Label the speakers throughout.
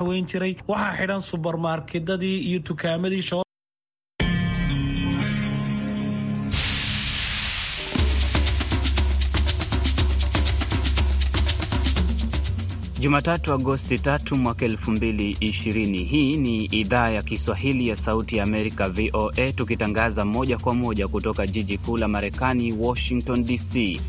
Speaker 1: haweyn jiray waxaa xidhan subarmarkedadii iyo dukaamadii
Speaker 2: Jumatatu, Agosti tatu mwaka elfu mbili ishirini. Hii ni idhaa ya Kiswahili ya Sauti ya Amerika, VOA, tukitangaza moja kwa moja kutoka jiji kuu la Marekani, Washington DC.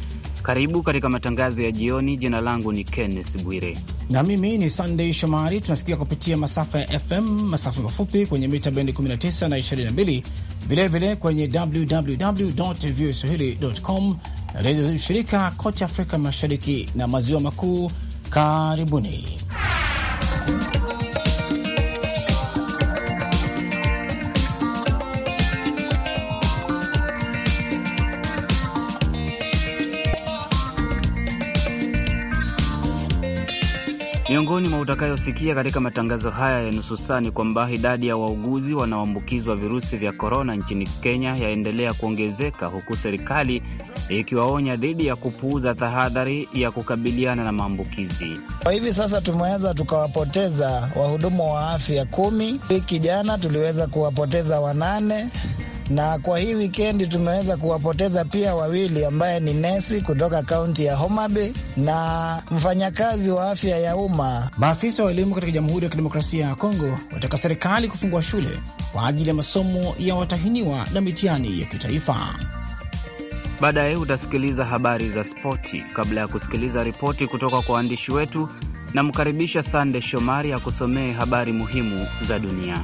Speaker 2: Karibu katika matangazo ya jioni. Jina langu ni Kenneth Bwire
Speaker 1: na mimi ni Sunday Shomari. Tunasikia kupitia masafa ya FM, masafa mafupi kwenye mita bendi 19 na 22, vilevile kwenye www voa swahili.com na redio shirika kote Afrika Mashariki na Maziwa Makuu. Karibuni
Speaker 2: Miongoni mwa utakayosikia katika matangazo haya ya nusu saa ni kwamba idadi ya wauguzi wanaoambukizwa virusi vya korona nchini Kenya yaendelea kuongezeka huku serikali ikiwaonya dhidi ya kupuuza tahadhari ya kukabiliana na maambukizi.
Speaker 3: Kwa hivi sasa tumeweza tukawapoteza wahudumu wa afya kumi. Wiki jana tuliweza kuwapoteza wanane na kwa hii wikendi tumeweza kuwapoteza pia wawili, ambaye ni nesi kutoka kaunti
Speaker 1: ya homabe na mfanyakazi wa afya ya umma. Maafisa wa elimu katika Jamhuri ya Kidemokrasia ya Kongo wataka serikali kufungua shule kwa ajili ya masomo ya watahiniwa
Speaker 2: na mitihani ya kitaifa. Baadaye utasikiliza habari za spoti kabla ya kusikiliza ripoti kutoka kwa waandishi wetu. Namkaribisha Sande Shomari akusomee habari muhimu za dunia.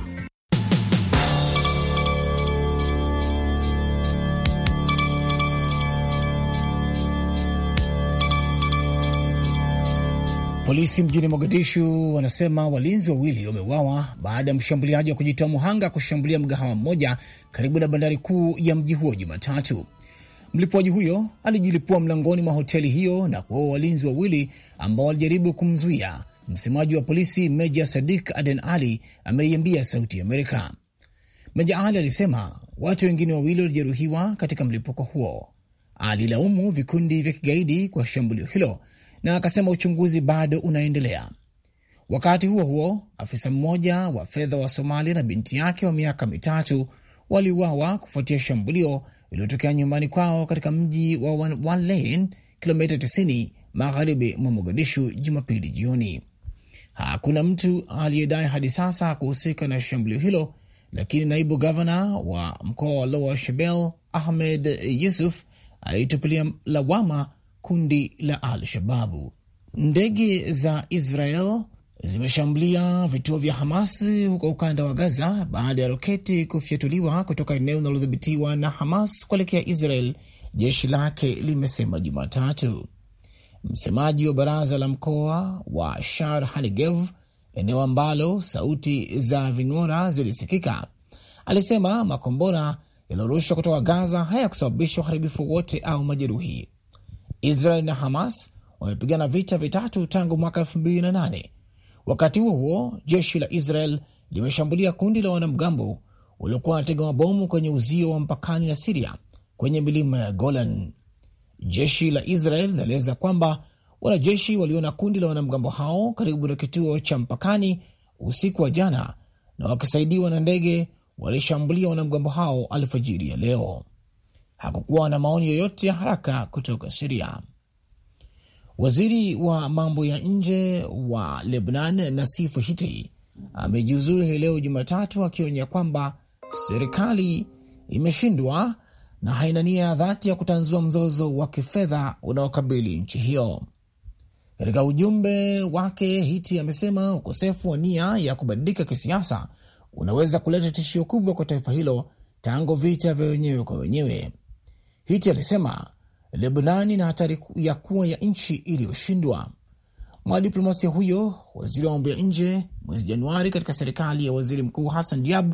Speaker 1: Polisi mjini Mogadishu wanasema walinzi wawili wameuawa baada ya mshambuliaji wa kujitoa muhanga kushambulia mgahawa mmoja karibu na bandari kuu ya mji huo Jumatatu. Mlipuaji huyo alijilipua mlangoni mwa hoteli hiyo na kuwaua walinzi wawili ambao walijaribu kumzuia. Msemaji wa polisi Meja Sadik Aden Ali ameiambia Sauti ya Amerika. Meja Ali alisema watu wengine wawili walijeruhiwa katika mlipuko huo. Alilaumu vikundi vya kigaidi kwa shambulio hilo na akasema uchunguzi bado unaendelea. Wakati huo huo, afisa mmoja wa fedha wa Somalia na binti yake wa miaka mitatu waliuawa kufuatia shambulio iliyotokea nyumbani kwao katika mji wa Wanleyn, kilomita 90 magharibi mwa Mogadishu Jumapili jioni. Hakuna mtu aliyedai hadi sasa kuhusika na shambulio hilo, lakini naibu gavana wa mkoa wa Lower Shabelle Ahmed Yusuf alitupilia lawama kundi la Al-Shababu. Ndege za Israel zimeshambulia vituo vya Hamas huko ukanda wa Gaza baada ya roketi kufyatuliwa kutoka eneo linalodhibitiwa na Hamas kuelekea Israel, jeshi lake limesema Jumatatu. Msemaji wa baraza la mkoa wa Shar hanigev eneo ambalo sauti za ving'ora zilisikika, alisema makombora yaliyorushwa kutoka Gaza hayakusababisha uharibifu wote au majeruhi. Israel na Hamas wamepigana vita vitatu tangu mwaka 2008. Wakati huo huo, jeshi la Israel limeshambulia kundi la wanamgambo waliokuwa wanatega mabomu kwenye uzio wa mpakani na Siria kwenye milima ya Golan. Jeshi la Israel linaeleza kwamba wanajeshi waliona kundi la wanamgambo hao karibu na kituo cha mpakani usiku wa jana, na wakisaidiwa na ndege walishambulia wanamgambo hao alfajiri ya leo hakukuwa na maoni yoyote ya haraka kutoka Siria. Waziri wa mambo ya nje wa Lebnan, Nasifu Hiti, amejiuzulu hii leo Jumatatu, akionya kwamba serikali imeshindwa na haina nia ya dhati ya kutanzua mzozo wa kifedha unaokabili nchi hiyo. Katika ujumbe wake, Hiti amesema ukosefu wa nia ya kubadilika kisiasa unaweza kuleta tishio kubwa kwa taifa hilo tangu vita vya wenyewe kwa wenyewe Hiti alisema Lebanon ina hatari ya kuwa ya nchi iliyoshindwa. Mwanadiplomasia huyo, waziri wa mambo ya nje, mwezi Januari katika serikali ya waziri mkuu Hassan Diab,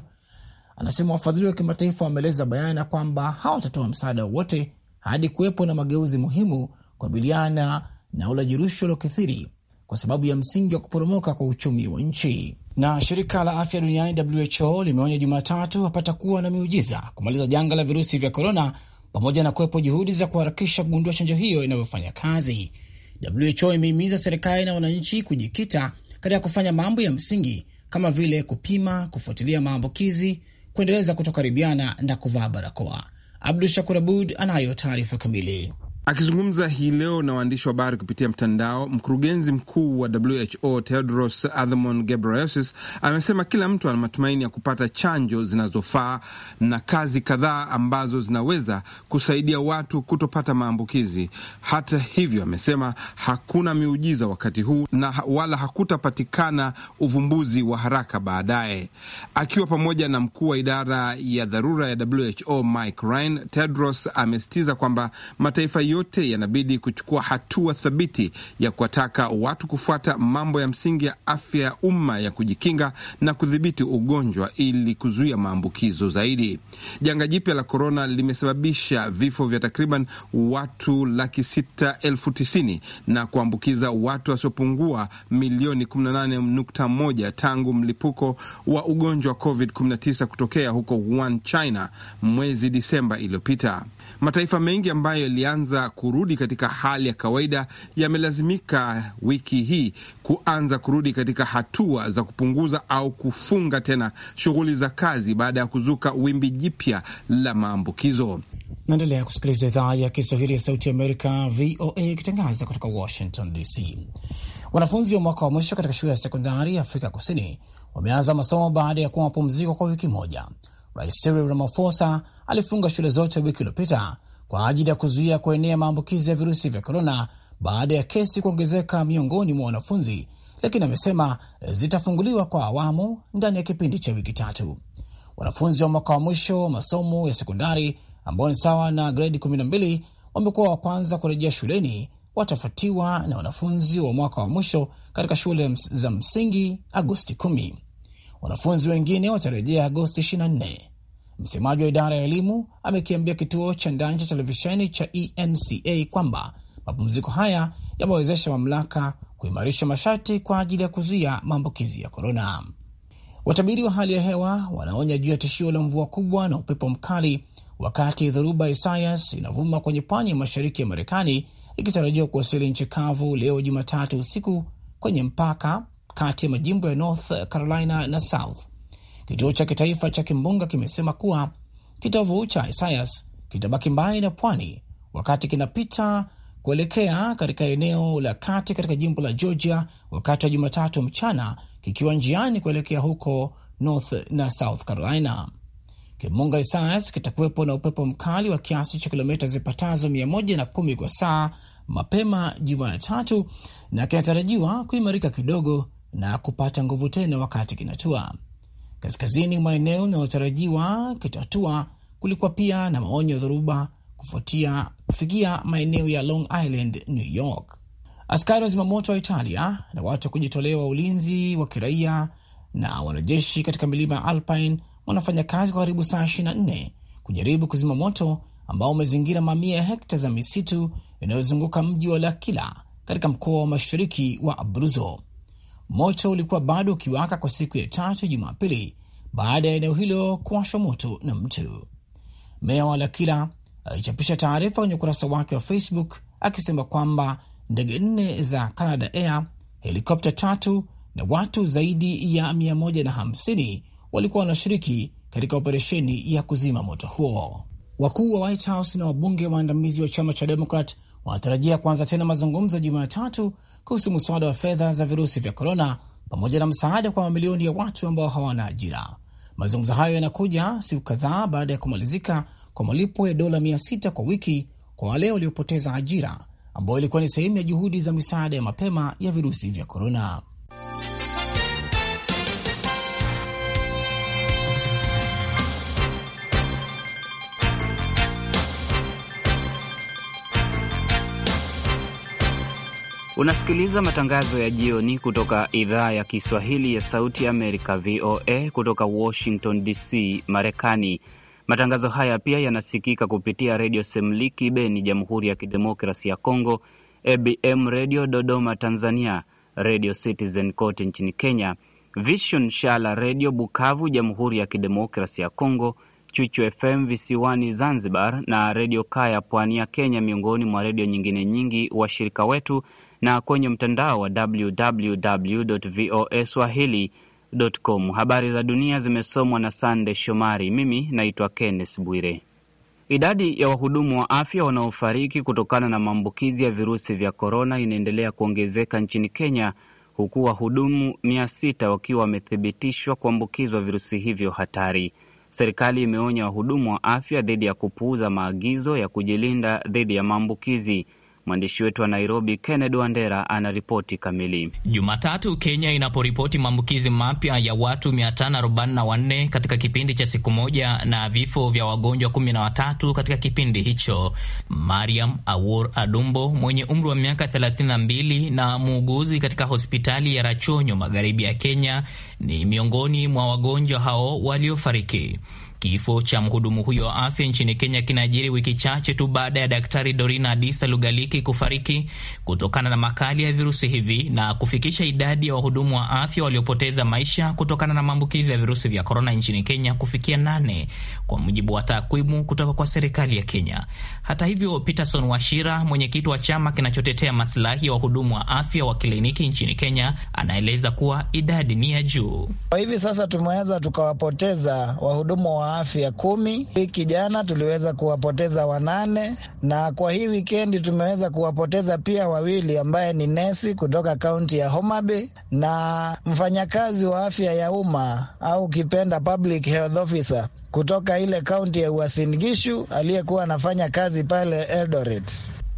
Speaker 1: anasema wafadhili wa kimataifa wameeleza bayana kwamba hawatatoa msaada wowote hadi kuwepo na mageuzi muhimu kukabiliana na ulaji rushwa uliokithiri kwa sababu ya msingi wa kuporomoka kwa uchumi wa nchi. Na shirika la afya duniani WHO limeonya Jumatatu hapata kuwa na miujiza kumaliza janga la virusi vya korona pamoja na kuwepo juhudi za kuharakisha kugundua chanjo hiyo inavyofanya kazi. WHO imehimiza serikali na wananchi kujikita katika kufanya mambo ya msingi kama vile kupima, kufuatilia maambukizi, kuendeleza kutokaribiana na kuvaa barakoa. Abdu Shakur Abud anayo taarifa kamili.
Speaker 4: Akizungumza hii leo na waandishi wa habari kupitia mtandao, mkurugenzi mkuu wa WHO Tedros Adhanom Ghebreyesus amesema kila mtu ana matumaini ya kupata chanjo zinazofaa na kazi kadhaa ambazo zinaweza kusaidia watu kutopata maambukizi. Hata hivyo, amesema hakuna miujiza wakati huu na wala hakutapatikana uvumbuzi wa haraka baadaye. Akiwa pamoja na mkuu wa idara ya dharura ya WHO Mike Ryan, Tedros amesitiza kwamba mataifa yote yanabidi kuchukua hatua thabiti ya kuwataka watu kufuata mambo ya msingi ya afya ya umma ya kujikinga na kudhibiti ugonjwa ili kuzuia maambukizo zaidi. Janga jipya la korona limesababisha vifo vya takriban watu laki sita elfu tisini na kuambukiza watu wasiopungua milioni 18.1 tangu mlipuko wa ugonjwa wa COVID-19 kutokea huko Wuhan, China mwezi Disemba iliyopita. Mataifa mengi ambayo yalianza kurudi katika hali ya kawaida yamelazimika wiki hii kuanza kurudi katika hatua za kupunguza au kufunga tena shughuli za kazi baada ya kuzuka wimbi jipya la maambukizo.
Speaker 1: Naendelea kusikiliza idhaa ya Kiswahili ya Sauti Amerika, VOA, ikitangaza kutoka Washington DC. Wanafunzi wa mwaka wa mwisho katika shule ya sekondari ya Afrika Kusini wameanza masomo baada ya kuwa mapumziko kwa wiki moja Rais Cyril Ramaphosa alifunga shule zote wiki iliyopita kwa ajili ya kuzuia kuenea maambukizi ya virusi vya korona baada ya kesi kuongezeka miongoni mwa wanafunzi, lakini amesema zitafunguliwa kwa awamu ndani ya kipindi cha wiki tatu. Wanafunzi wa mwaka wa mwisho wa masomo ya sekondari ambao ni sawa na gredi 12 wamekuwa wa kwanza kurejea shuleni, watafuatiwa na wanafunzi wa mwaka wa mwisho katika shule za msingi Agosti 10. Wanafunzi wengine watarejea Agosti 24. Msemaji wa idara ya elimu amekiambia kituo cha ndani cha televisheni cha ENCA kwamba mapumziko haya yamewezesha mamlaka kuimarisha masharti kwa ajili ya kuzuia maambukizi ya korona. Watabiri wa hali ya hewa wanaonya juu ya tishio la mvua kubwa na upepo mkali wakati dhoruba Isaias inavuma kwenye pwani ya mashariki ya Marekani ikitarajiwa kuwasili nchi kavu leo Jumatatu usiku kwenye mpaka kati ya majimbo ya North Carolina na South. Kituo cha kitaifa cha kimbunga kimesema kuwa kitovu cha Isaias kitabaki mbali na pwani wakati kinapita kuelekea katika eneo la kati katika jimbo la Georgia wakati wa Jumatatu mchana, kikiwa njiani kuelekea huko North na South Carolina. Kimbunga Isaias kitakuwepo na upepo mkali wa kiasi cha kilomita zipatazo 110 kwa saa mapema Jumatatu na kinatarajiwa kuimarika kidogo na kupata nguvu tena wakati kinatua. Kaskazini mwa eneo linalotarajiwa kitatua, kulikuwa pia na maonyo ya dhoruba kufuatia kufikia maeneo ya Long Island, New York. Askari wa zimamoto wa Italia na watu wa kujitolea wa ulinzi wa kiraia na wanajeshi katika milima ya Alpine wanafanya kazi kwa karibu saa 24 kujaribu kuzima moto ambao umezingira mamia ya hekta za misitu inayozunguka mji wa lakila katika mkoa wa mashariki wa Abruzzo. Moto ulikuwa bado ukiwaka kwa siku ya tatu Jumapili baada ya eneo hilo kuwashwa moto na mtu. Meya wa Lakila alichapisha taarifa kwenye ukurasa wake wa Facebook akisema kwamba ndege nne za Canada Air, helikopta tatu na watu zaidi ya 150 walikuwa wanashiriki katika operesheni ya kuzima moto huo. Wakuu wa White House na wabunge waandamizi wa chama cha Demokrat wanatarajia kuanza tena mazungumzo Jumatatu kuhusu mswada wa fedha za virusi vya korona pamoja na msaada kwa mamilioni ya watu ambao hawana ajira. Mazungumzo hayo yanakuja siku kadhaa baada ya kumalizika kwa malipo ya dola mia sita kwa wiki kwa wale waliopoteza ajira, ambayo ilikuwa ni sehemu ya juhudi za misaada ya mapema ya virusi vya korona.
Speaker 2: Unasikiliza matangazo ya jioni kutoka idhaa ya Kiswahili ya Sauti ya Amerika, VOA, kutoka Washington DC, Marekani. Matangazo haya pia yanasikika kupitia Redio Semliki Beni, Jamhuri ya Kidemokrasi ya congo ABM Redio Dodoma, Tanzania, Redio Citizen kote nchini Kenya, Vision Shala Redio Bukavu, Jamhuri ya Kidemokrasi ya congo Chuchu FM visiwani Zanzibar na Redio Kaya pwani ya Kenya, miongoni mwa redio nyingine nyingi washirika wetu na kwenye mtandao wa www.voaswahili.com. Habari za dunia zimesomwa na Sande Shomari. Mimi naitwa Kenneth Bwire. Idadi ya wahudumu wa afya wanaofariki kutokana na maambukizi ya virusi vya korona inaendelea kuongezeka nchini Kenya, huku wahudumu mia sita wakiwa wamethibitishwa kuambukizwa virusi hivyo hatari. Serikali imeonya wahudumu wa afya dhidi ya kupuuza maagizo ya kujilinda dhidi ya maambukizi. Mwandishi wetu wa Nairobi, Kennedy Wandera, ripoti kamili.
Speaker 5: Jumatatu Kenya inaporipoti maambukizi mapya ya watu 544 katika kipindi cha siku moja na vifo vya wagonjwa 13 katika kipindi hicho, Mariam Awor Adumbo mwenye umri wa miaka 32 na muuguzi katika hospitali ya Rachonyo, magharibi ya Kenya, ni miongoni mwa wagonjwa hao waliofariki. Kifo cha mhudumu huyo wa afya nchini Kenya kinajiri wiki chache tu baada ya Daktari Dorina Adisa Lugaliki kufariki kutokana na makali ya virusi hivi na kufikisha idadi ya wahudumu wa afya waliopoteza maisha kutokana na maambukizi ya virusi vya korona nchini Kenya kufikia nane kwa mujibu wa takwimu kutoka kwa serikali ya Kenya. Hata hivyo, Peterson Washira, mwenyekiti wa chama kinachotetea masilahi ya wahudumu wa afya wa kliniki nchini Kenya, anaeleza kuwa idadi ni ya juu.
Speaker 3: Kwa hivi sasa tumeweza tukawapoteza wahudumu wa afya kumi. Wiki jana tuliweza kuwapoteza wanane, na kwa hii wikendi tumeweza kuwapoteza pia wawili, ambaye ni nesi kutoka kaunti ya Homa na mfanyakazi wa afya ya umma au kipenda public health officer kutoka ile kaunti ya Uasin Gishu aliyekuwa anafanya kazi pale Eldoret.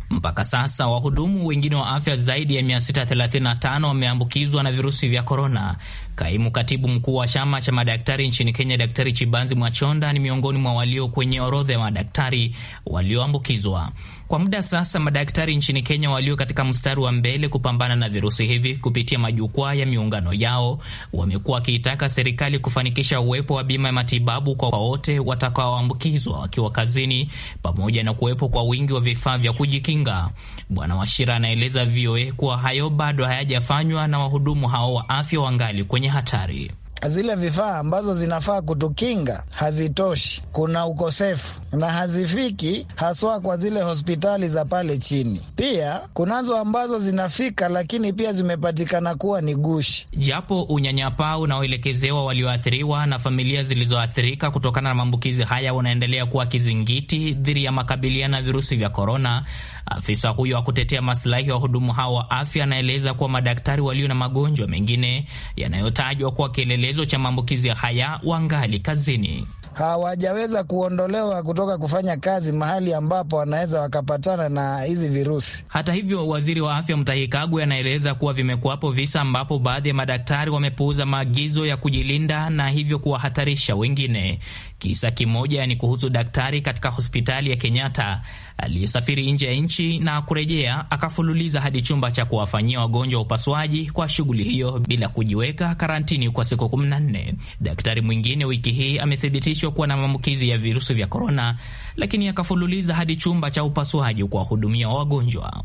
Speaker 5: Mpaka sasa wahudumu wengine wa afya zaidi ya 635 wameambukizwa na virusi vya korona Kaimu katibu mkuu wa chama cha madaktari nchini Kenya, Daktari Chibanzi Mwachonda ni miongoni mwa walio kwenye orodha ya madaktari walioambukizwa. Kwa muda sasa, madaktari nchini Kenya walio katika mstari wa mbele kupambana na virusi hivi kupitia majukwaa ya miungano yao wamekuwa wakiitaka serikali kufanikisha uwepo wa bima ya matibabu kwa wote watakaoambukizwa wakiwa kazini, pamoja na kuwepo kwa wingi wa vifaa vya kujikinga. Bwana Washira anaeleza VOA kuwa hayo bado hayajafanywa na wahudumu hao wa afya wangali kwenye kwenye hatari.
Speaker 3: Zile vifaa ambazo zinafaa kutukinga hazitoshi, kuna ukosefu na hazifiki, haswa kwa zile hospitali za pale chini. Pia kunazo ambazo zinafika, lakini pia zimepatikana kuwa ni gushi.
Speaker 5: Japo unyanyapaa unaoelekezewa walioathiriwa na familia zilizoathirika kutokana na maambukizi haya unaendelea kuwa kizingiti dhidi ya makabiliano ya virusi vya korona. Afisa huyo wa kutetea masilahi ya wahudumu hao wa afya anaeleza kuwa madaktari walio na magonjwa mengine yanayotajwa kuwa kielelezo cha maambukizi haya wangali kazini
Speaker 3: hawajaweza kuondolewa kutoka kufanya kazi mahali ambapo wanaweza wakapatana na hizi virusi.
Speaker 5: Hata hivyo, waziri wa afya Mutahi Kagwe anaeleza kuwa vimekuwapo visa ambapo baadhi ya madaktari wamepuuza maagizo ya kujilinda na hivyo kuwahatarisha wengine. Kisa kimoja ni kuhusu daktari katika hospitali ya Kenyatta aliyesafiri nje ya nchi na kurejea akafululiza hadi chumba cha kuwafanyia wagonjwa wa upasuaji kwa shughuli hiyo bila kujiweka karantini kwa siku 14. Daktari mwingine wiki hii amethibitishwa kuwa na maambukizi ya virusi vya korona, lakini akafululiza hadi chumba cha upasuaji kuwahudumia wagonjwa.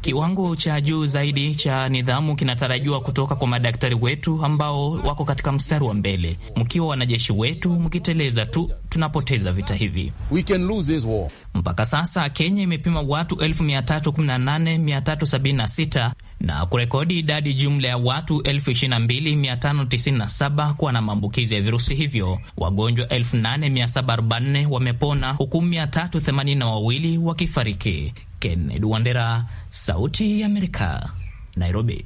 Speaker 5: Kiwango cha juu zaidi cha nidhamu kinatarajiwa kutoka kwa madaktari wetu ambao wako katika mstari wa mbele. Mkiwa wanajeshi wetu, mkiteleza tu, tunapoteza vita hivi. We can lose this huo. Mpaka sasa Kenya imepima watu 318376 na kurekodi idadi jumla ya watu 22597 kuwa na maambukizi ya virusi hivyo. Wagonjwa 8744 wamepona huku 382 wakifariki. Kennedy Wandera, Sauti ya Amerika, Nairobi.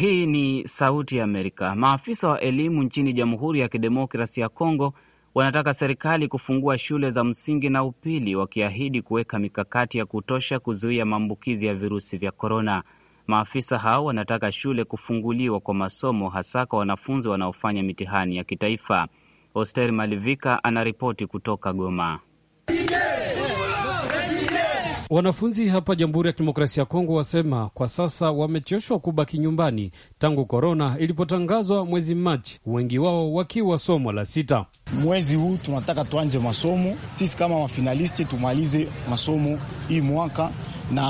Speaker 2: Hii ni Sauti ya Amerika. Maafisa wa elimu nchini Jamhuri ya Kidemokrasi ya Kongo wanataka serikali kufungua shule za msingi na upili, wakiahidi kuweka mikakati ya kutosha kuzuia maambukizi ya virusi vya korona. Maafisa hao wanataka shule kufunguliwa kwa masomo, hasa kwa wanafunzi wanaofanya mitihani ya kitaifa. Oster Malivika anaripoti kutoka Goma.
Speaker 6: Wanafunzi hapa Jamhuri ya Kidemokrasia ya Kongo wasema kwa sasa wamechoshwa kubaki nyumbani tangu korona ilipotangazwa mwezi Machi, wengi wao wakiwa somo la sita.
Speaker 7: Mwezi huu tunataka tuanze masomo sisi kama wafinalisti, tumalize masomo hii mwaka, na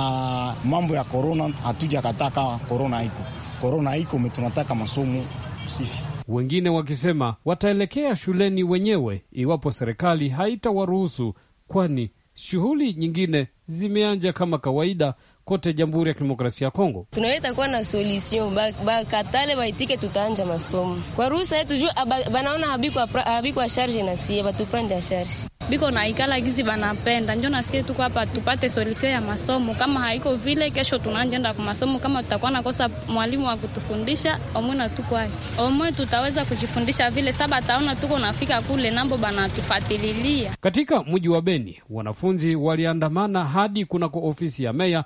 Speaker 7: mambo ya korona hatujakataka. Korona iko, korona iko, tunataka masomo sisi
Speaker 6: wengine wakisema wataelekea shuleni wenyewe iwapo serikali haitawaruhusu, kwani shughuli nyingine zimeanja kama kawaida kote Jamhuri ya Kidemokrasia ya Kongo.
Speaker 8: Tunaweza kuwa na solution bakatale ba baitike, tutaanja masomo kwa ruhusa yetu juu banaona habikwa habikwa sharge na sie batuprende a charge
Speaker 2: biko naikala gizi banapenda, njo nasie tuko hapa tupate solusio ya masomo. Kama haiko vile, kesho tunanjenda kwa masomo, kama
Speaker 8: tutakuwa nakosa mwalimu wa kutufundisha omwe na tukwaye omwe tutaweza kujifundisha vile saba taona tuko nafika kule nambo banatufatililia.
Speaker 6: Katika mji wa Beni wanafunzi waliandamana hadi kunako ofisi ya meya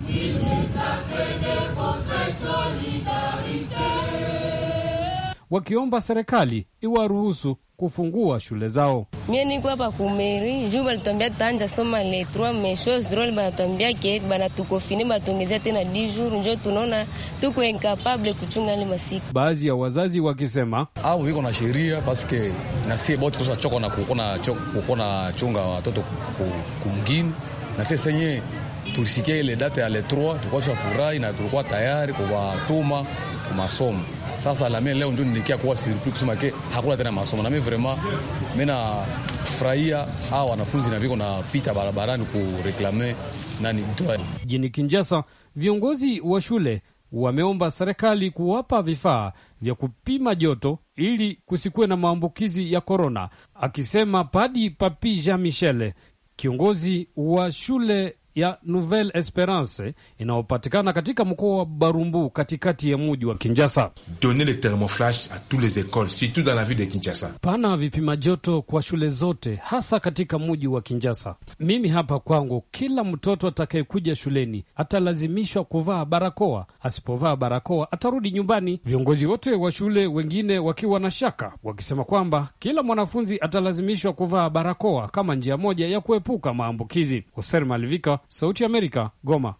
Speaker 6: wakiomba serikali iwaruhusu kufungua shule zao.
Speaker 8: Mie niko hapa kumeri juu balitwambia tutaanja soma le trois meshos drole, banatwambia ke banatukofini batongezea tena dijour, njo tunaona tuko inkapable kuchunga ile masiku.
Speaker 6: Baadhi ya wazazi wakisema au iko na sheria paske nasie bote choko na kukona chunga watoto kumgini na sie senye tulisikia ile data ya le trois, tulikuwa tushafurahi na tulikuwa tayari kuwatuma kumasomo sasa la mimi leo ndio nilikia kuwa siripli kusema ke hakuna tena masomo, na mimi vraiment mimi furahia hao wanafunzi na viko na pita barabarani kureklame nani jini Kinjasa. Viongozi wa shule wameomba serikali kuwapa vifaa vya kupima joto ili kusikuwe na maambukizi ya korona, akisema Padi Papi Jean Michel, kiongozi wa shule ya Nouvelle Esperance inayopatikana katika mkoa wa Barumbu katikati ya muji wa Kinjasa. Donner le thermoflash a tous les écoles surtout dans la ville de Kinjasa. Pana vipima joto kwa shule zote hasa katika muji wa Kinjasa. Mimi hapa kwangu, kila mtoto atakayekuja shuleni atalazimishwa kuvaa barakoa, asipovaa barakoa atarudi nyumbani. Viongozi wote wa shule wengine wakiwa na shaka wakisema kwamba kila mwanafunzi atalazimishwa kuvaa barakoa kama njia moja ya kuepuka maambukizi. Hoser Malivika, Sauti ya Amerika, Goma.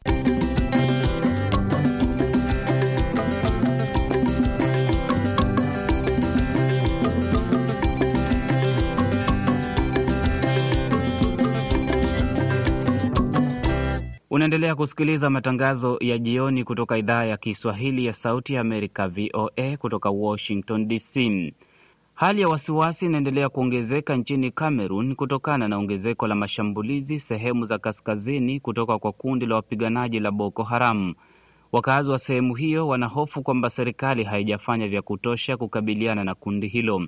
Speaker 2: Unaendelea kusikiliza matangazo ya jioni kutoka idhaa ya Kiswahili ya Sauti ya Amerika, VOA, kutoka Washington DC. Hali ya wasiwasi inaendelea kuongezeka nchini cameron kutokana na ongezeko la mashambulizi sehemu za kaskazini kutoka kwa kundi la wapiganaji la Boko Haram. Wakazi wa sehemu hiyo wanahofu kwamba serikali haijafanya vya kutosha kukabiliana na kundi hilo.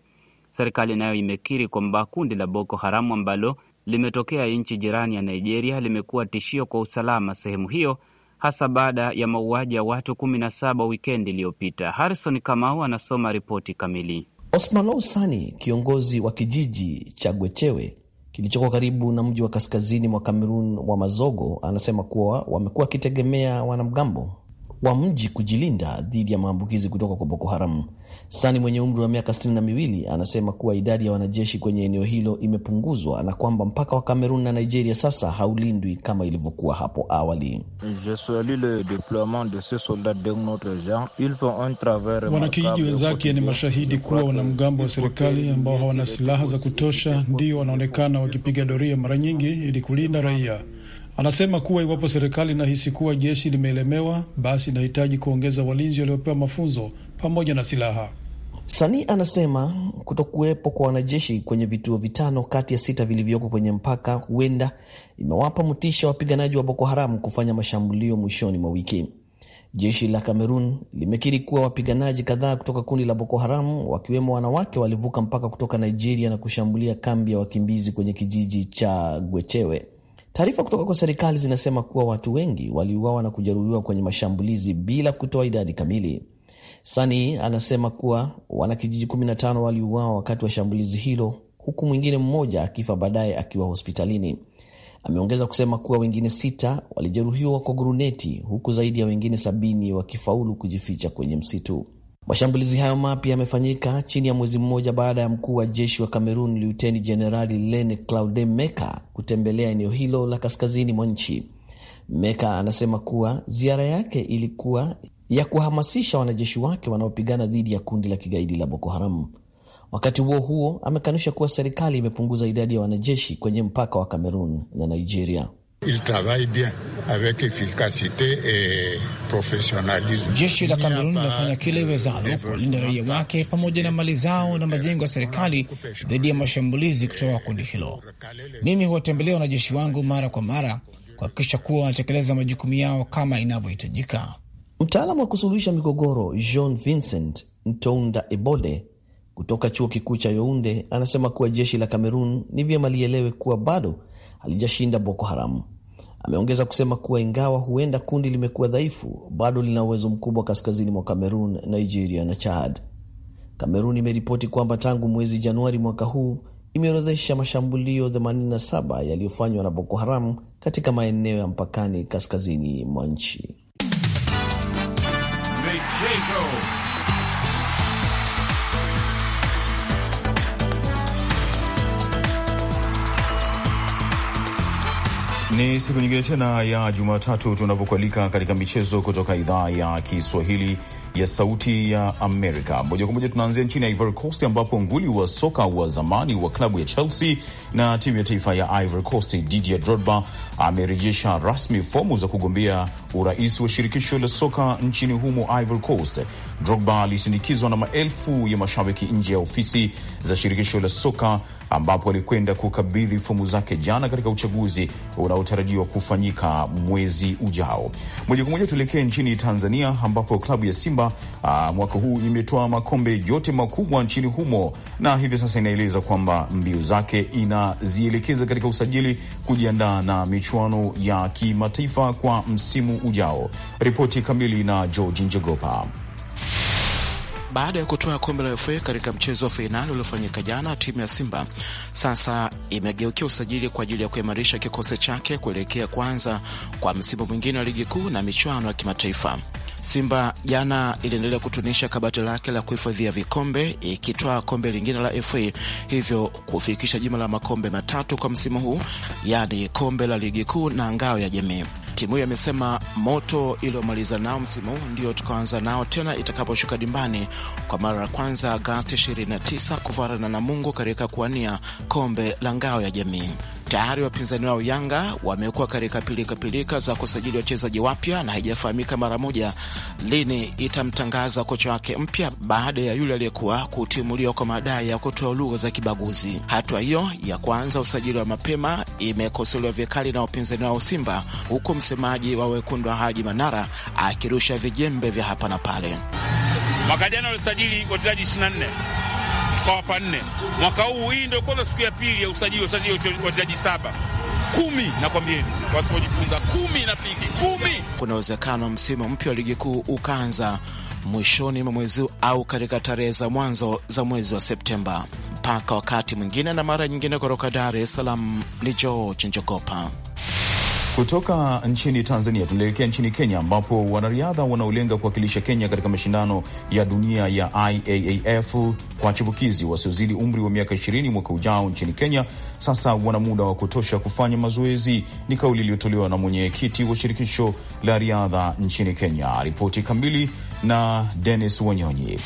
Speaker 2: Serikali nayo imekiri kwamba kundi la Boko Haramu ambalo limetokea nchi jirani ya Nigeria limekuwa tishio kwa usalama sehemu hiyo, hasa baada ya mauaji ya watu 17 wikendi iliyopita. Harrison Kamau anasoma ripoti kamili.
Speaker 9: Osmalow Sani, kiongozi wa kijiji cha Gwechewe kilichoko karibu na mji wa kaskazini mwa Kamerun wa Mazogo, anasema kuwa wamekuwa wakitegemea wanamgambo wa mji kujilinda dhidi ya maambukizi kutoka kwa Boko Haram. Sani mwenye umri wa miaka sitini na miwili anasema kuwa idadi ya wanajeshi kwenye eneo hilo imepunguzwa na kwamba mpaka wa Kamerun na Nigeria sasa haulindwi kama ilivyokuwa hapo awali. Wanakijiji wenzake ni mashahidi kuwa wanamgambo wa serikali
Speaker 10: ambao hawana silaha za kutosha ndio wanaonekana wakipiga doria mara nyingi ili kulinda raia. Anasema kuwa iwapo serikali inahisi kuwa jeshi limeelemewa, basi inahitaji kuongeza walinzi waliopewa mafunzo pamoja na silaha.
Speaker 9: Sani anasema kutokuwepo kwa wanajeshi kwenye vituo vitano kati ya sita vilivyoko kwenye mpaka huenda imewapa mtisha wapiganaji wa Boko Haram kufanya mashambulio mwishoni mwa wiki. Jeshi la Kamerun limekiri kuwa wapiganaji kadhaa kutoka kundi la Boko Haram wakiwemo wanawake walivuka mpaka kutoka Nigeria na kushambulia kambi ya wakimbizi kwenye kijiji cha Gwechewe. Taarifa kutoka kwa serikali zinasema kuwa watu wengi waliuawa na kujeruhiwa kwenye mashambulizi bila kutoa idadi kamili. Sani anasema kuwa wanakijiji 15 waliuawa wakati wa shambulizi hilo, huku mwingine mmoja akifa baadaye akiwa hospitalini. Ameongeza kusema kuwa wengine sita walijeruhiwa kwa guruneti, huku zaidi ya wengine sabini wakifaulu kujificha kwenye msitu. Mashambulizi hayo mapya yamefanyika chini ya mwezi mmoja baada ya mkuu wa jeshi wa cameron Luteni Jenerali Lene Claude Meka kutembelea eneo hilo la kaskazini mwa nchi. Meka anasema kuwa ziara yake ilikuwa ya kuhamasisha wanajeshi wake wanaopigana dhidi ya kundi la kigaidi la Boko Haram. Wakati huo huo, amekanusha kuwa serikali imepunguza idadi ya wanajeshi kwenye mpaka wa cameron na Nigeria.
Speaker 11: Il travaille bien avec efficacité et professionnalism. Jeshi la Kamerun linafanya
Speaker 1: kile iwezalo kuwalinda raia wake pamoja na mali zao na majengo ya serikali dhidi ya mashambulizi kutoka kundi hilo. Mimi huwatembelea wanajeshi wangu mara kwa mara kuhakikisha kuwa wanatekeleza majukumu yao kama inavyohitajika.
Speaker 9: Mtaalamu wa kusuluhisha migogoro Jean Vincent Ntounda Ebode kutoka chuo kikuu cha Younde anasema kuwa jeshi la Kamerun ni vyema lielewe kuwa bado halijashinda Boko Haramu Ameongeza kusema kuwa ingawa huenda kundi limekuwa dhaifu, bado lina uwezo mkubwa kaskazini mwa Kamerun, Nigeria na Chad. Kamerun imeripoti kwamba tangu mwezi Januari mwaka huu imeorodhesha mashambulio 87 yaliyofanywa na Boko Haram katika maeneo ya mpakani kaskazini mwa nchi.
Speaker 3: Michezo.
Speaker 10: Ni siku nyingine tena ya Jumatatu tunapokualika katika michezo kutoka idhaa ya Kiswahili ya Sauti ya Amerika. Moja kwa moja tunaanzia nchini Ivory Coast, ambapo nguli wa soka wa zamani wa klabu ya Chelsea na timu ya taifa ya Ivory Coast Didier Drogba amerejesha rasmi fomu za kugombea urais wa shirikisho la soka nchini humo Ivory Coast. Drogba alisindikizwa na maelfu ya mashabiki nje ya ofisi za shirikisho la soka ambapo alikwenda kukabidhi fomu zake jana katika uchaguzi unaotarajiwa kufanyika mwezi ujao. Moja kwa moja tuelekee nchini Tanzania, ambapo klabu ya Simba aa, ah, mwaka huu imetoa makombe yote makubwa nchini humo na hivi sasa inaeleza kwamba mbio zake inazielekeza katika usajili, kujiandaa na michuano ya kimataifa kwa msimu ujao. Ripoti kamili na George Njogopa.
Speaker 7: Baada ya kutoa kombe la FA katika mchezo wa fainali uliofanyika jana, timu ya Simba sasa imegeukia usajili kwa ajili ya kuimarisha kikosi chake kuelekea kwanza kwa msimu mwingine wa ligi kuu na michuano ya kimataifa. Simba jana iliendelea kutunisha kabati lake la kuhifadhia vikombe ikitoa kombe lingine la FA, hivyo kufikisha jumla la makombe matatu kwa msimu huu, yaani kombe la ligi kuu na ngao ya jamii. Timu hiyo imesema moto iliyomaliza nao msimu ndio tukaanza nao tena itakaposhuka dimbani kwa mara ya kwanza Agasti 29 kuvarana na mungu katika kuwania kombe la ngao ya jamii. Tayari wapinzani wao Yanga wamekuwa katika pilikapilika za kusajili wachezaji wapya, na haijafahamika mara moja lini itamtangaza kocha wake mpya baada ya yule aliyekuwa kutimuliwa kwa madai ya kutoa lugha za kibaguzi. Hatua hiyo ya kuanza usajili wa mapema imekosolewa vikali na wapinzani wao Simba, huku msemaji wa wekundu wa Haji Manara akirusha vijembe vya hapa na pale.
Speaker 10: Mwaka jana walisajili wachezaji tukawapa panne Mwaka huu hii ndio kwanza siku ya pili ya usajili wa wachezaji saba kumi, nakwambieni, wasipojifunza kumi na pigi kumi.
Speaker 7: Kuna uwezekano msimu mpya wa ligi kuu ukaanza mwishoni mwa mwezi au katika tarehe za mwanzo za mwezi wa Septemba. Mpaka wakati mwingine na mara nyingine, kutoka Dar es Salaam ni Joo Chinjogopa.
Speaker 10: Kutoka nchini Tanzania tunaelekea nchini Kenya, ambapo wanariadha wanaolenga kuwakilisha Kenya katika mashindano ya dunia ya IAAF kwa chipukizi wasiozidi umri wa miaka 20 mwaka ujao nchini Kenya sasa wana muda wa kutosha kufanya mazoezi. Ni kauli iliyotolewa na mwenyekiti wa shirikisho la riadha nchini Kenya. Ripoti kamili na Dennis Wanyonyi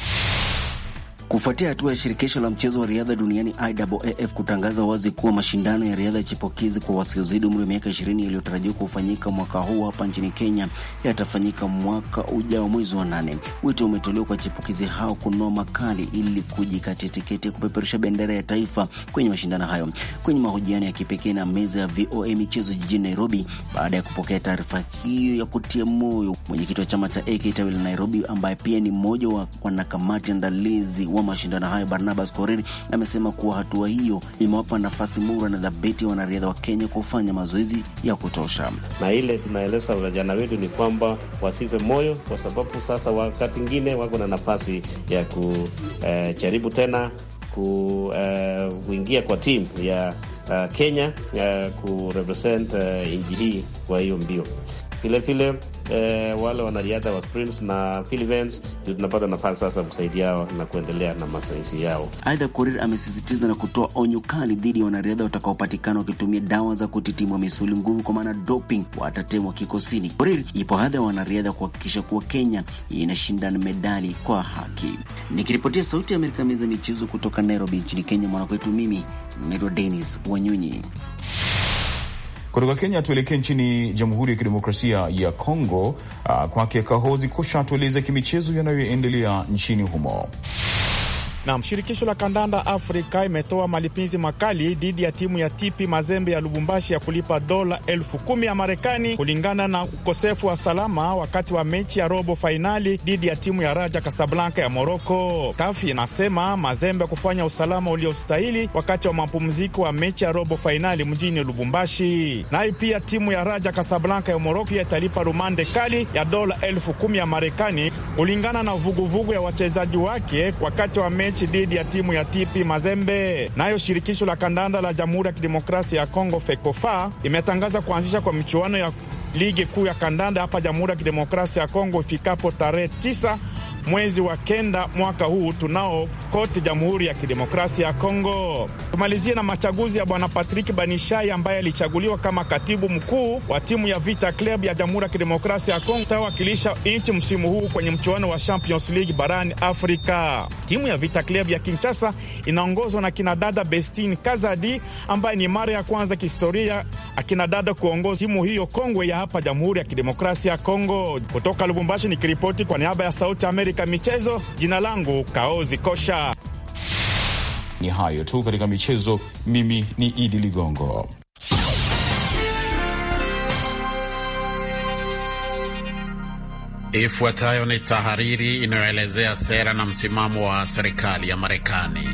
Speaker 8: kufuatia hatua ya shirikisho la mchezo wa riadha duniani IAAF kutangaza wazi kuwa mashindano ya riadha ya chipukizi kwa wasiozidi umri wa miaka 20 yaliyotarajiwa kufanyika mwaka huu hapa nchini Kenya yatafanyika mwaka ujao mwezi wa nane. Wito umetolewa kwa chipukizi hao kunoa makali ili kujikatia tiketi ya kupeperusha bendera ya taifa kwenye mashindano hayo. Kwenye mahojiano ya kipekee na meza ya VOA michezo jijini Nairobi, baada ya kupokea taarifa hiyo ya kutia moyo, mwenyekiti wa chama cha AK tawi la Nairobi ambaye pia ni mmoja wa wanakamati andalizi wa mashindano hayo Barnabas Korir amesema kuwa hatua hiyo imewapa nafasi mura na dhabiti wanariadha wa Kenya kufanya mazoezi ya kutosha.
Speaker 2: Na ile tunaeleza vijana wetu ni kwamba wasife moyo, kwa sababu sasa wakati ingine wako na nafasi
Speaker 8: ya kujaribu
Speaker 2: eh, tena eh, kuingia eh, kwa timu ya uh, Kenya uh, eh, kurepresent uh, eh,
Speaker 12: nchi hii kwa hiyo mbio. Vilevile eh, wale wanariadha wa sprints na field events ndio tunapata nafasi sasa kusaidia na kuendelea na mazoezi yao.
Speaker 8: Aidha, Korir amesisitiza na kutoa onyo kali dhidi ya wanariadha watakaopatikana wakitumia dawa za kutitimwa misuli nguvu, kwa maana doping, watatemwa kikosini. Korir ipo hadhi ya wanariadha kuhakikisha kuwa Kenya inashindana medali kwa haki. Nikiripotia Sauti ya Amerika, meza michezo kutoka Nairobi nchini Kenya, mwanakwetu mimi naitwa Denis Wanyonyi. Kutoka Kenya
Speaker 10: tuelekee nchini Jamhuri ya Kidemokrasia ya Kongo. Ah, kwake Kahozi Kosha tueleze kimichezo yanayoendelea nchini humo
Speaker 11: na shirikisho la kandanda Afrika imetoa malipizi makali dhidi ya timu ya TP Mazembe ya Lubumbashi ya kulipa dola elfu kumi ya Marekani kulingana na ukosefu wa salama wakati wa mechi ya robo fainali dhidi ya timu ya Raja Kasablanka ya Moroko. Kafi inasema Mazembe kufanya usalama uliostahili wakati wa mapumziko wa mechi ya robo fainali mjini Lubumbashi. Nayo pia timu ya Raja Kasablanka ya Moroko pia italipa rumande kali ya dola elfu kumi ya Marekani kulingana na vuguvugu vugu ya wachezaji wake wakati wa mechi mechi dhidi ya timu ya TP Mazembe. Nayo shirikisho la kandanda la Jamhuri ya Kidemokrasia ya Kongo FEKOFA imetangaza kuanzisha kwa michuano ya ligi kuu ya kandanda hapa Jamhuri ya Kidemokrasia ya Kongo ifikapo tarehe tisa mwezi wa kenda mwaka huu tunao kote Jamhuri ya Kidemokrasia ya Kongo. Tumalizie na machaguzi ya Bwana Patrick Banishai ambaye alichaguliwa kama katibu mkuu wa timu ya Vita Club ya Jamhuri ya Kidemokrasia ya Kongo tawakilisha nchi msimu huu kwenye mchuano wa Champions League barani Afrika. Timu ya Vita Club ya Kinshasa inaongozwa na kinadada bestin Kazadi ambaye ni mara ya kwanza kihistoria akinadada kuongoza timu hiyo kongwe ya hapa Jamhuri ya Kidemokrasia ya Kongo. Kutoka Lubumbashi nikiripoti kwa niaba ya Sauti Amerika katika michezo. Jina langu Kaozi Kosha. Ni hayo
Speaker 10: tu katika michezo. Mimi ni Idi Ligongo.
Speaker 12: Ifuatayo ni tahariri inayoelezea sera na msimamo wa serikali ya Marekani.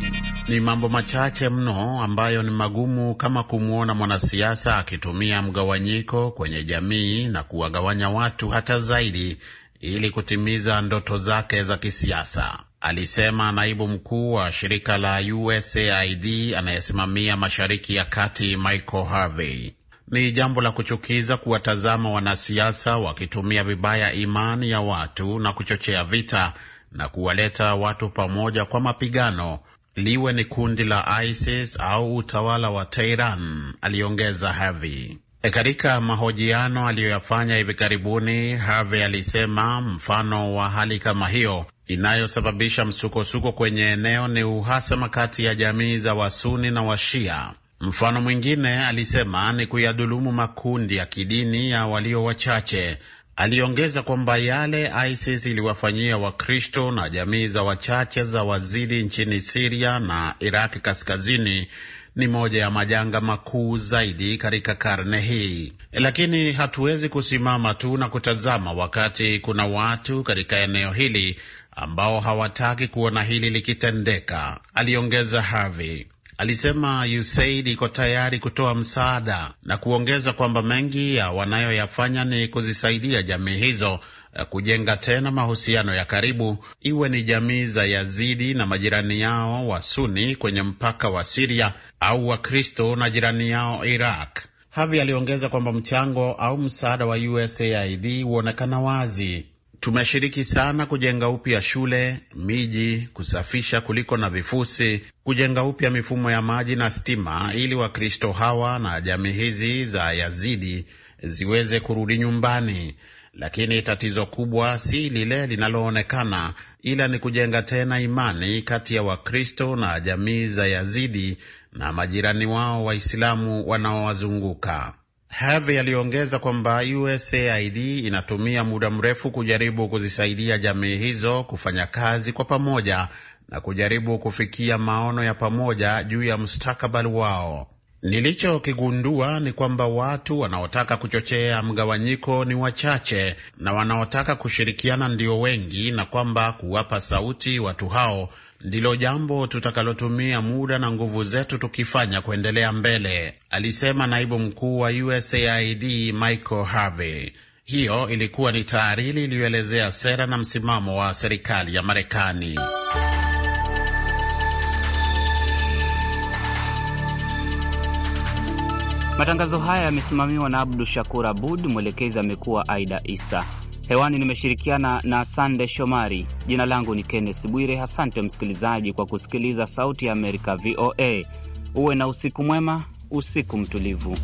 Speaker 12: Ni mambo machache mno ambayo ni magumu kama kumwona mwanasiasa akitumia mgawanyiko kwenye jamii na kuwagawanya watu hata zaidi ili kutimiza ndoto zake za kisiasa, alisema naibu mkuu wa shirika la USAID anayesimamia Mashariki ya Kati Michael Harvey. Ni jambo la kuchukiza kuwatazama wanasiasa wakitumia vibaya imani ya watu na kuchochea vita na kuwaleta watu pamoja kwa mapigano, liwe ni kundi la ISIS au utawala wa Tehran, aliongeza Harvey. E, katika mahojiano aliyoyafanya hivi karibuni Harvey alisema mfano wa hali kama hiyo inayosababisha msukosuko kwenye eneo ni uhasama kati ya jamii za Wasuni na Washia. Mfano mwingine alisema ni kuyadhulumu makundi ya kidini ya walio wachache. Aliongeza kwamba yale ISIS iliwafanyia Wakristo na jamii za wachache za Wazidi nchini Siria na Iraki kaskazini ni moja ya majanga makuu zaidi katika karne hii. Lakini hatuwezi kusimama tu na kutazama wakati kuna watu katika eneo hili ambao hawataki kuona hili likitendeka, aliongeza Harvey. Alisema USAID iko tayari kutoa msaada na kuongeza kwamba mengi ya wanayoyafanya ni kuzisaidia jamii hizo Eh, kujenga tena mahusiano ya karibu, iwe ni jamii za Yazidi na majirani yao wa Suni kwenye mpaka wa Siria au Wakristo na jirani yao Iraq. Havi aliongeza kwamba mchango au msaada wa USAID huonekana wazi. Tumeshiriki sana kujenga upya shule, miji, kusafisha kuliko na vifusi, kujenga upya mifumo ya maji na stima, ili Wakristo hawa na jamii hizi za Yazidi ziweze kurudi nyumbani. Lakini tatizo kubwa si lile linaloonekana, ila ni kujenga tena imani kati ya Wakristo na jamii za Yazidi na majirani wao Waislamu wanaowazunguka. Harvey aliongeza kwamba USAID inatumia muda mrefu kujaribu kuzisaidia jamii hizo kufanya kazi kwa pamoja na kujaribu kufikia maono ya pamoja juu ya mustakabali wao. Nilichokigundua ni kwamba watu wanaotaka kuchochea mgawanyiko ni wachache na wanaotaka kushirikiana ndio wengi, na kwamba kuwapa sauti watu hao ndilo jambo tutakalotumia muda na nguvu zetu tukifanya kuendelea mbele, alisema naibu mkuu wa USAID Michael Harvey. Hiyo ilikuwa ni tahariri iliyoelezea sera na msimamo wa serikali ya Marekani. Matangazo haya yamesimamiwa na Abdu
Speaker 2: Shakur Abud, mwelekezi amekuwa Aida Isa. Hewani nimeshirikiana na Sande Shomari. Jina langu ni kennes Bwire. Asante msikilizaji kwa kusikiliza Sauti ya Amerika, VOA. Uwe na usiku mwema, usiku mtulivu.